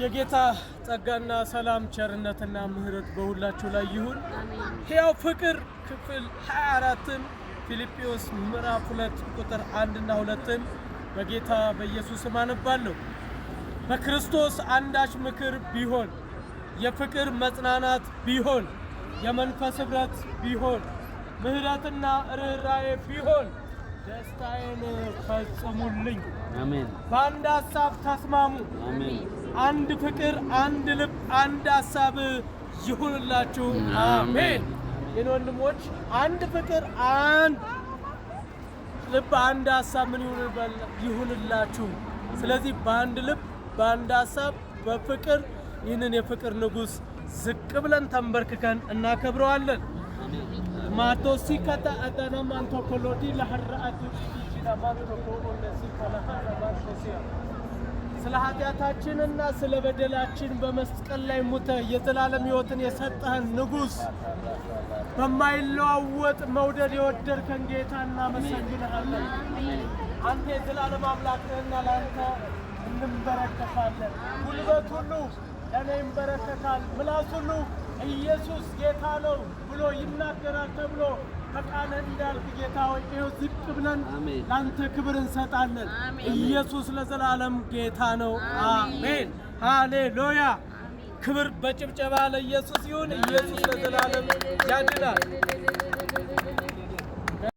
የጌታ ጸጋና ሰላም ቸርነትና ምሕረት በሁላችሁ ላይ ይሁን። ሕያው ፍቅር ክፍል 24ን ፊልጵዎስ ምዕራፍ 2 ቁጥር 1 እና 2ን በጌታ በኢየሱስ ስም አነባለሁ። በክርስቶስ አንዳች ምክር ቢሆን፣ የፍቅር መጽናናት ቢሆን፣ የመንፈስ ኅብረት ቢሆን፣ ምሕረትና ርኅራዬ ቢሆን ደስታዬን ፈጽሙልኝ። አሜን። በአንድ ሀሳብ ተስማሙ። አሜን። አንድ ፍቅር፣ አንድ ልብ፣ አንድ ሀሳብ ይሁንላችሁ። አሜን። ይህን ወንድሞች አንድ ፍቅር፣ አንድ ልብ፣ አንድ ሀሳብ ምን ይሁንላችሁ። ስለዚህ በአንድ ልብ፣ በአንድ ሀሳብ፣ በፍቅር ይህንን የፍቅር ንጉሥ ዝቅ ብለን ተንበርክከን እናከብረዋለን። maatoosikata adana mantokoloodi laharra ስለ ኃጢአታችንና ስለ በደላችን በመስቀል ላይ ሙተ የዘላለም ሕይወትን የሰጠህን ንጉሥ በማይለዋወጥ መውደድ የወደድከን ጌታ እናመሰግንሃለን። አንተ የዘላለም አምላክ ነህና ለአንተ እንንበረከካለን። ጉልበት ሁሉ ለእኔ ይንበረከካል። ምላስ ሁሉ ኢየሱስ ጌታ ነው ብሎ ይናገራል ተብሎ ከቃለ እንዳልክ ጌታ ሆይ ይኸው ዝቅ ብለን ለአንተ ክብር እንሰጣለን። ኢየሱስ ለዘላለም ጌታ ነው። አሜን፣ ሃሌሉያ። ክብር በጭብጨባ ለኢየሱስ ይሁን። ኢየሱስ ለዘላለም ያድናል።